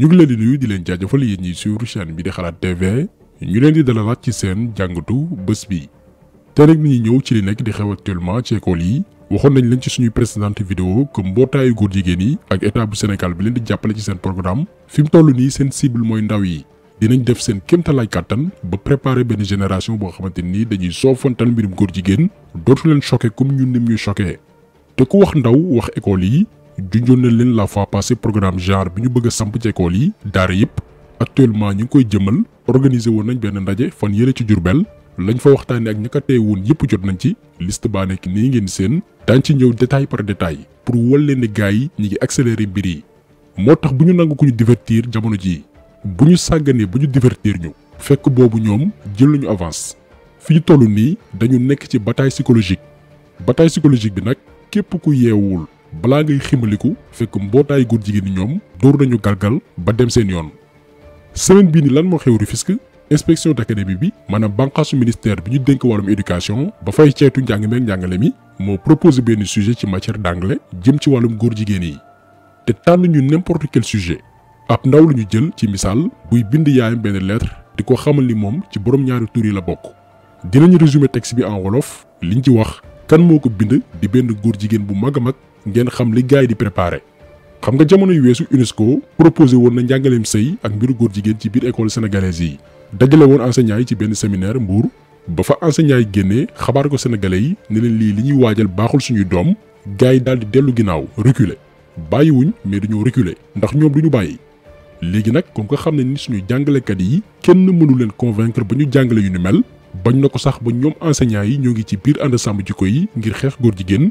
ñu ngi leen di nuyu di leen jaajëfal yéen ñiy suivre chaîne bi di xalaat TV ñu leen di dalalaat ci seen jàngatu bés bi. te nag ni ñuy ñëw ci li nekk di xew actuellement ci école yi waxoon nañ leen ci suñuy précédente vidéo que mbootaayu góor jigéen yi ak état bu Sénégal bi leen di jàppale ci seen programme fi mu toll nii seen cible mooy ndaw yi. dinañ def seen kéemtalaay kàttan ba préparer benn génération boo xamante nii dañuy soofantal mbirum góor jigéen dootu leen choqué comme ñun ni mu ñuy choqué te ku wax ndaw wax école yi junjoon na leen la fois passée programme genre bi ñu bëgg a samp ci école yi daara yëpp actuellement ñu ngi koy jëmal organiser woon nañ benn ndaje fan yële ci Jurbel lañ fa waxtaanee ak ña ko teye woon yëpp jot nañ ci liste baa nekk nii ngeen seen daan ci ñëw détail par détail pour wal leen ne gars yi ñi ngi accélérer mbir yi moo tax bu ñu nangu ko ñu jamono jii bu ñu sàgganee bu ñu divertir ñu fekk boobu ñoom jël nañu avance fi ñu toll nii dañu nekk ci bataille psychologique bataille psychologique bi nag képp ku yeewul Blague ngay ximaliku fekk mbootaayu góor jigéen ñi ñoom dóor nañu galgal ba dem seen yoon semaine bii ni lan moo xewru inspection bi maanaam ministère bi ñu dénk wàllum éducation ba fay njàng meeg mi moo proposé sujet ci matière d'anglais jëm ci wàllum góor jigéen yi ñu n'importe quel sujet ab ndaw la ñu jël ci misaal buy bind yaayam benn lettre di ko xamal ci borom ñaari tur yi la bokk dinañ résumé texte en wolof liñ ci wax kan di bu ngeen xam li gars yi di préparé xam nga jamono yu weesu UNESCO proposé woon na njàngaleem sëy ak mbiru góor jigéen ci biir école sénégalaise yi dajale woon enseignants yi ci benn séminaire Mbour ba fa enseignants yi génnee xabaar ko sénégalais yi ne leen lii li ñuy waajal baaxul suñuy doom gars yi daal di dellu ginnaaw reculer bàyyiwuñ du dañoo reculer ndax ñoom ñu bàyyi léegi nag comme que xam ne ni suñu jàngalekat yi kenn mënu leen convaincre ba ñu jàngale yu ni mel bañ na ko sax ba ñoom enseignants yi ñoo ngi ci biir ànd sàmm jikko yi ngir xeex góor jigéen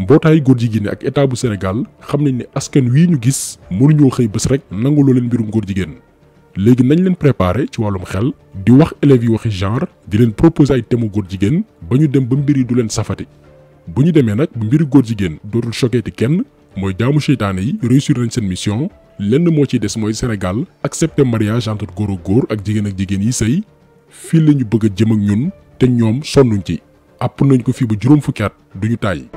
mbotay gor jigen ak état bu sénégal xamnañ ni askan wi ñu gis mënuñoo xey bés rek lo leen birum gor jigen légui nañ leen préparer ci walum xel di wax élève yi waxi genre di leen proposer ay thème gor jigen ba ñu dem ba mbir yi du leen safati bu ñu demee nag bu mbiru dootul choqué ti kenn moy daamu seytaane yi réussir nañ seen mission lenn mo ci des moy sénégal accepter mariage entre gor ak góor ak jigen ak jigen yi sey fi la ñu bëgg jëm ak ñun té ñom sonnuñ ci àpp nañ ko fi bu juroom fukkat duñu tay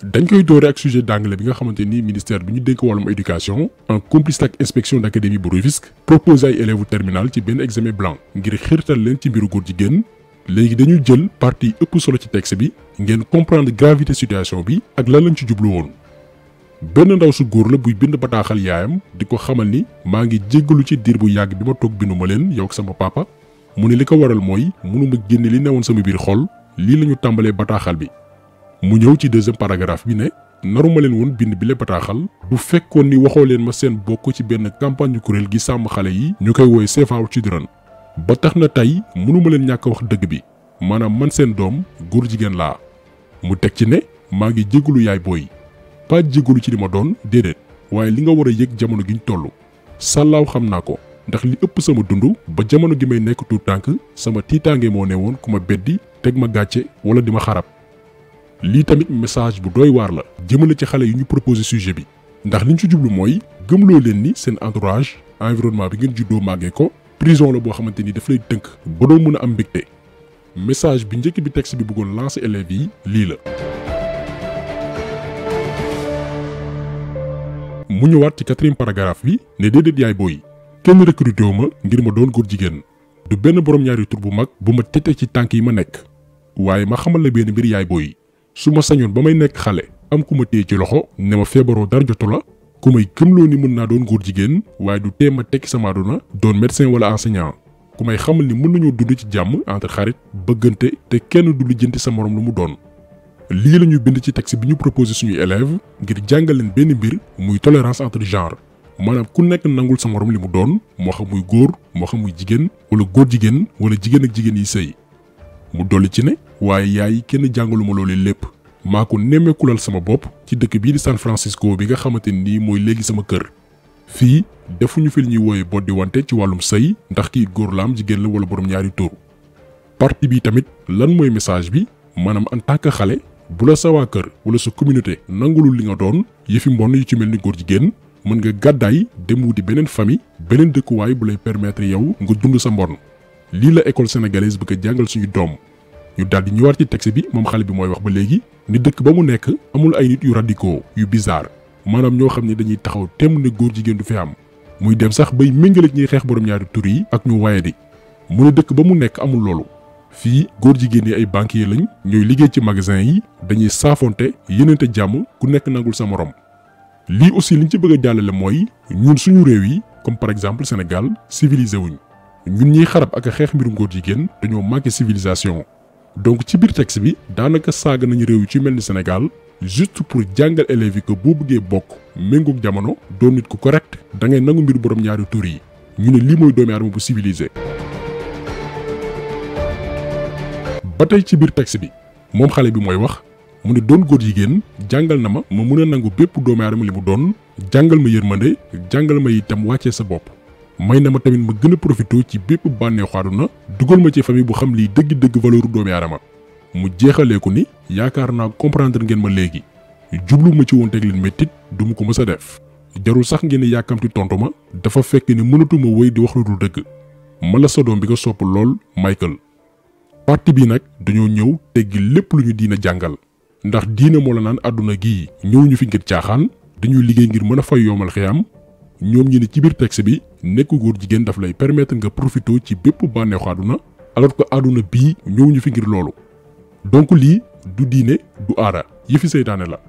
dañ koy doore ak sujet d'anglais bi nga xamante ni ministère bi ñu dénk wàllum éducation en complice ak inspection d'académie bu propose ay élèves terminal ci benn examen blanc ngir xirtal leen ci mbiru góor jigéen léegi dañu jël partie ëpp solo ci texte bi ngeen comprendre gravité situation bi ak lan lañ ci jublu woon benn ndaw su góor la buy bind bataaxal yaayam di ko xamal ni maa ngi jéggalu ci diir bu yàgg bi ma toog bindu ma leen yow ak sama papa mu ne li ko waral mooy mënuma génne li newoon sama biir xol lii la ñu tàmbalee bataaxal bi mu ñëw ci deuxième paragraphe bi ne naruma leen woon bind bi le bataaxal bu fekkoon ni waxoo leen ma seen bokk ci benn campagne yu kuréel gi sàmm xale yi ñu koy woowe Save Our Children ba tax na tey mënuma leen ñàkk wax dëgg bi maanaam man seen doom góor jigéen laa mu teg ci ne maa ngi jégalu yaay booy pas jégalu ci li ma doon déedéet waaye li nga war a yëg jamono gi ñu toll sàllaaw xam naa ko ndax li ëpp sama dund ba jamono gi may nekk tuut tànk sama tiitaange moo ne woon ku ma beddi teg ma gàcce wala di ma xarab lii tamit message bu doy waar la jëmale ci xale yi ñu proposé sujet bi ndax liñ ci jublu mooy gëmloo leen ni seen entourage environnement bi ngeen juddoo màggee ko prison la boo xamante ni daf lay tënk ba doo mën a am mbégte message bi njëkk bi texte bi bëggoon lancer élèves yi lii la. mu ñëwaat ci quatrième paragraphe bi ne yaay booy kenn wu ma ngir ma doon góor jigéen du benn borom ñaari tur bu mag bu ma tete ci tànk yi ma nekk waaye ma xamal la benn mbir yaay booy su ma sañoon ba may nekk xale am ku ma téye ci loxo ne ma feebaroo dara jotu la ku may gëmloo ni mën naa doon góor jigéen waaye du tee a tekki sama na doon médecin wala enseignant ku may xamal ni mën nañoo dund ci jàmm entre xarit bëggante te kenn du lijjanti sa moroom lu mu doon. lii la ñu bind ci texte bi ñu proposé suñuy élèves ngir jàngal leen benn mbir muy tolérance entre genre maanaam ku nekk nangul sa morom li mu doon moo xam muy góor moo xam jigéen wala góor jigéen wala jigéen jigéen yi sëy mu doli ci ne waaye yaay kenn jàngaluma loolu lépp maa ko sama bopp ci dëkk bii di san francisco bi nga xamante ni mooy léegi sama kër fii defuñu fi li ñuy wooye boddi wante ci wàllum sëy ndax kii góor laam jigéen la wala borom ñaari tur parti bi tamit lan mooy message bi manam en tant que xale bu la sa waa kër wala sa communauté nangulul li nga doon yëfi mbonn yu ci mel ni góor jigéen mën nga gàddaay dem wuti beneen famille beneen dëkkuwaay bu lay permettre yow nga dund sa mbonn lii la école sénégalaise bëgg a jàngal suñu doom ñu daal di ñëwaat ci texte bi moom xale bi mooy wax ba léegi ni dëkk ba mu nekk amul ay nit yu radicaux yu bizarre maanaam ñoo xam ne dañuy taxaw temm ne góor jigéen du fi am muy dem sax bay méngale ñuy xeex borom ñaari tur yi ak ñu waaye di mu ne dëkk ba mu nekk amul loolu fii góor jigéen yi ay yi lañ ñooy liggéey ci magasin yi dañuy saafonte yeneente jàmm ku nekk nangul sa morom lii aussi liñ ci bëgg a jàllale mooy ñun suñu réew yi comme par exemple Sénégal civilisé wuñ ñun ñi xarab ak de xeex mbiru de dañoo civilisation donc ci biir texte bi daanaka nañu réew ci Sénégal juste pour jàngal élèves yi que boo bëggee bokk jamono doon nit ku correct da ngay nangu pas borom ñaari tur yi ñu ne lii mooy doomi bu civilisé. ba tey ci biir texte bi moom ne doon jàngal na ma nangu bépp doomi li mu doon jàngal ma yërmande jàngal ma itam may na ma tamit ma gën a profité ci bépp bànneexu na dugal ma ci famille bu xam liy dëgg-dëgg valeuru doomi aadama mu jeexalee ko ni yaakaar naa comprendre ngeen ma léegi jublu ma ci woon teg leen méttit du ko mës a def jarul sax ngeen yàkkamti tontu ma dafa fekk ne mënatuma woy di wax lu dul dëgg ma la sa doom bi nga sopp lool Michael parti bii nag dañoo ñëw teggi lépp lu ñu diina jàngal ndax diina moo la naan àdduna gii ñëw ñu fi ngir caaxaan dañuy liggéey ngir mën a fay yoomal ñoom ñu ne ci biir texte bi nekk góor jigéen daf lay permettre nga profité ci bépp bànneexu na alors que àdduna bii ñëw ñu fi ngir loolu donc lii du diine du aada fi seytaane la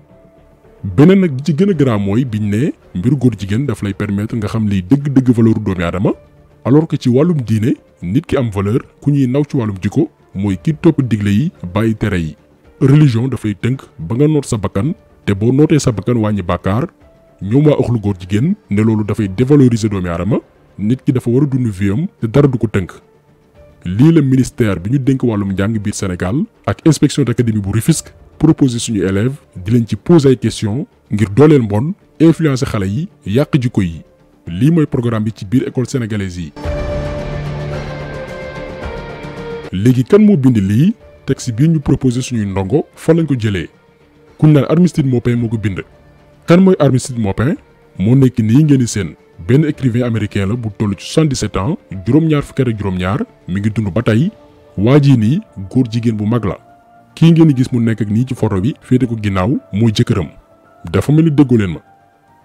beneen nag di ci gën a garaaw mooy biñ ne mbir góor jigéen daf lay permettre nga xam liy dëgg-dëgg valeur doomi aadama alors que ci wàllum diine nit ki am valeur ku ñuy naw ci wàllum jikko mooy ki topp digle yi bàyyi tere yi religion dafay tënk ba nga noot sa bakkan te boo nootee sa bakkan wàññi bàkkaar ñoom waa axlu góor jigéen ne loolu dafay dévaloriser doomi aadama nit ki dafa war a dund viam te dara du ko tënk lii la ministère bi ñu dénk wàllum njàng biir Sénégal ak inspection d'académie bu Rufisque proposé suñu élèves di leen ci poser ay questions ngir dooleel mbon influencer xale yi yàq jikko yi lii mooy programme bi ci biir école sénégalaise yi. léegi kan moo bind lii texte bii ñu proposé suñuy ndongo fan lañ ko jëlee kuñ naan Armistide pay moo ko bind kan moy Armistice Maupin moo nekk nii ngeen di seen benn écrivain américain la bu tollu ci 77 ans juróom-ñaar fukki at ak ñaar mi ngi dund ba waji ni gor nii góor jigéen bu mag la ngeen gis mu nek ak ni ci photo bi féete ko ginnaaw moy jëkkëram dafa mel ni déggoo ma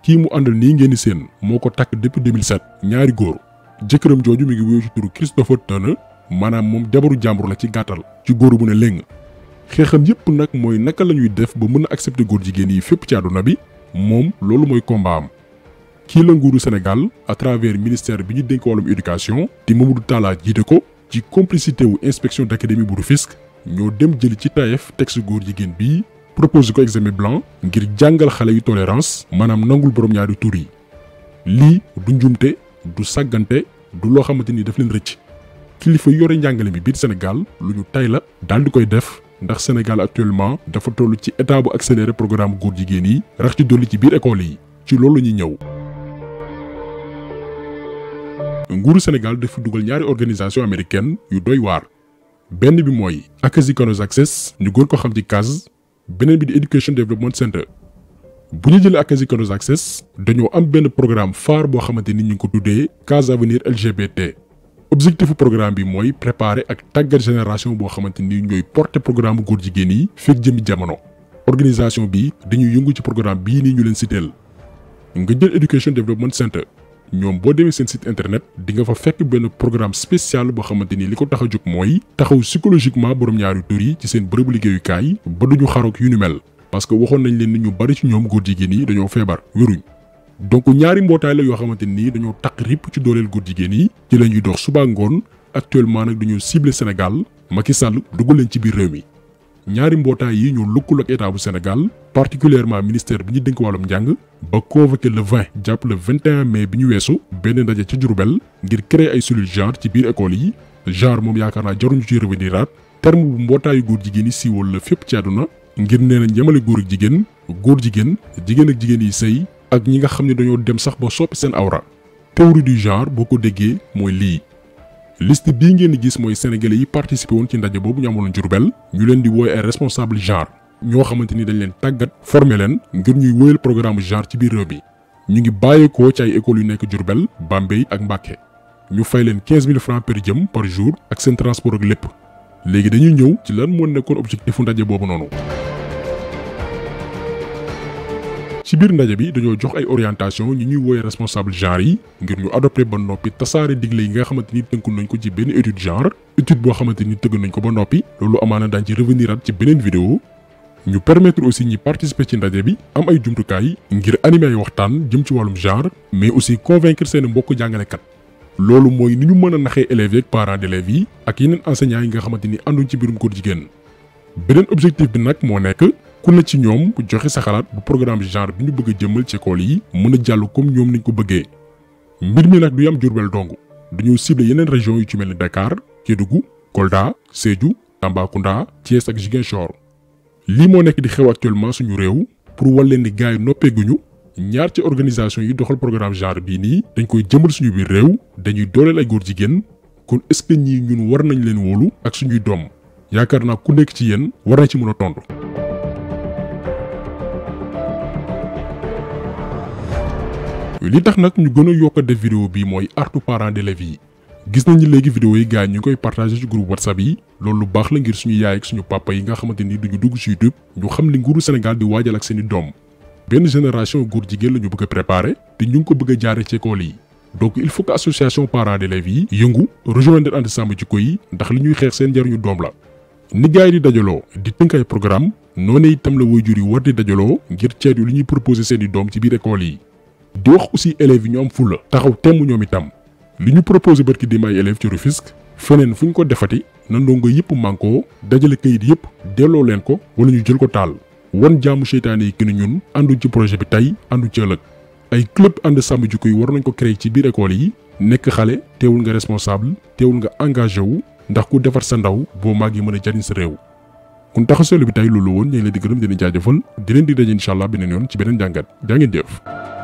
ki mu andal ni ngeen sen moko tak depuis 2007 ñaari gor jëkkëram jooju mi ngi wuyoo ci turu Christopher Turner manam mom jabaru jàmbur la ci gatal ci góor bu ne leng xeexam yépp nak moy naka la ñuy def ba mëna accepter gor jigéen yi fépp ci aduna bi Mom, lolou Moy combat am la Sénégal à travers ministère de l'éducation walum di Mamadou complicité wu inspection d'académie bu Rufisque ont dem jël ci TAEF texte bii un examen blanc ngir jangal xalé yu tolérance manam nangul borom ñaari tur yi du njumté du saganté du lo xamanteni daf leen recc kilifa tay la def ndax Sénégal actuellement dafa toll ci état bu accéléré programme góor jigéen yi rax ci dolli ci biir école yi ci loolu la ñuy ñëw. nguuru Sénégal dafa dugal ñaari organisation américaine yu doy waar benn bi mooy Akazi Canos Access ñu gën ko xam ci CAS beneen bi di Education Development Center bu ñu jëlee Akazi Canos Access dañoo am benn programme phare boo xamante ni ñu ngi ko tuddee CAS Avenir LGBT objectifu programme bi moy préparer ak tàggat génération bo xamanteni ñoy porter programme góor jigéen yi fekk jëmi jamono organisation bi dañuy yëngu ci programme bi ni ñu leen citeel nga jël Education Development Center ñom bo demee seen site internet di nga fa fekk ben programme spécial bo xamanteni liko taxaju ko tax taxaw psychologiquement borom ñaari tour yi ci seen bërëbu kay ba duñu xarok yu ñu mel parce que waxon nañ leen ni ñu bari ci ñom góor jigéen yi dañoo febar wéruñ donc ñaari mbotay la yo xamanteni nii dañoo takk ripp ci dolel góor jigéen yi ci lañuy dox suba ngone actuellement nak dañu cibler Sénégal Macky Sall duggal leen ci biir réew mi ñaari mbotay yi ñoo lëkkaloo ak état bu Sénégal particulièrement ministère biñu ñu dénk wàllum njàng ba convoqué le 20 japp le 21 mai biñu wessu benn ndaje ci Diourbel ngir créer ay cellules genre ci biir école yi genre mom yaakaar naa jaruñu ci reveniraat terme bu mbotay góor jigéen siwol le fep ci aduna ngir nee nañ goor góor goor jigéen góor ak jigéen yi sey ak ñi nga xam ne dañoo dem sax ba soppi seen awra théorie du genre boo ko déggee mooy lii liste bii ngeen di gis mooy sénégalais yi participé woon ci ndaje boobu ñu amaloon Diourbel ñu leen di wooy ay responsable genre ñoo xamante ni dañ leen tàggat formé leen ngir ñuy wóyal programme genre ci biir réew mi ñu ngi bàyyeekoo ci ay écoles yu nekk Diourbel Bambey ak Mbacké ñu fay leen 15 000 francs par jëm par jour ak seen transport ak lépp léegi dañuy ñëw ci lan moo nekkoon objectifu ndaje boobu noonu ci bir ndaje bi dañu jox ay orientation ñi ñuy woy responsable genre yi ngir ñu adopter ba nopi tasaare digle yi nga xamanteni teunkul nañ ko ci ben étude genre étude bo xamanteni teug nañ ko ba nopi lolu amana dañ ci revenir at ci benen vidéo ñu permettre aussi ñi participer ci ndaje bi am ay jumtu kay ngir animer ay waxtaan jëm ci walum genre mais aussi convaincre seen mbokk jàngalekat loolu mooy ni ñu mëna naxé élève yi ak parents d'élève yi ak yeneen enseignants yi nga xamanteni andu ci birum góor jigen benen objectif bi nak mo nek ku ci ñoom joxe sa xalaat bu programme genre bi ñu bëgg a jëmmal ci école yi mëna a comme ñoom niñ ko bëggee mbir mi nag du yam Diourbel dong dañu cible yeneen région yu ci mel Dakar Kédougou Kolda Sédhiou Tambacounda Thiès ak Ziguinchor li mo nekk di xew actuellement suñu réew pour wal leen ni gars noppeeguñu ñaar ci organisation yi doxal programme genre bi ni dañ koy jëmal suñu biir réew dañuy dooleel ay góor jigéen kon est-ce que ñi ñun war nañ leen wóolu ak suñuy doom yaakaar naa ku nekk ci yéen war na ci mën a tontu. li tax nak ñu gëna a yokk def vidéo bi moy artu parents d'élèves yi gis nañu légui vidéo yi gars ñu koy partager ci groupe whatsapp yi loolu lu baax la ngir suñu yaay ak suñu papa yi nga xamanteni duñu dugg ci youtube ñu xam li nguuru Sénégal di wajal ak seeni dom ben génération goor jigéen la ñu bëgg préparer té ñu ngi ko bëgg a ci école yi donc il faut que association parents d'élèves yi yëngu rejoindre ensemble ci Jikko Yi ndax li ñuy xex seen njariñu dom la ni gaay di dajalo di tënk programme noné itam la waajur yi war di dajaloo ngir ceet li ñuy proposer seen dom ci biir école yi di wax aussi élèves yi ñu am fulla taxaw temm ñoom itam li ñu proposé barki di may élèves ci Rufisque feneen fu ñu ko defati na ndongo yëpp mànkoo dajale kayit yëpp delloo leen ko wala ñu jël ko taal wan jaamu seytaane yi ki gën ñun àndul ci projet bi tey ànduñ ci ëllëg ay club ànd sàmm jikko yi war nañ ko créer ci biir école yi nekk xale teewul nga responsable teewul nga engagé wu ndax ku defar sa ndaw boo màgg yi mën a jariñ sa réew kon taxaseelu bi tey loolu woon ñu ngi leen di gërëm di leen di leen di daje incha allah yoon ci beneen jàngat jaa ngeen jëf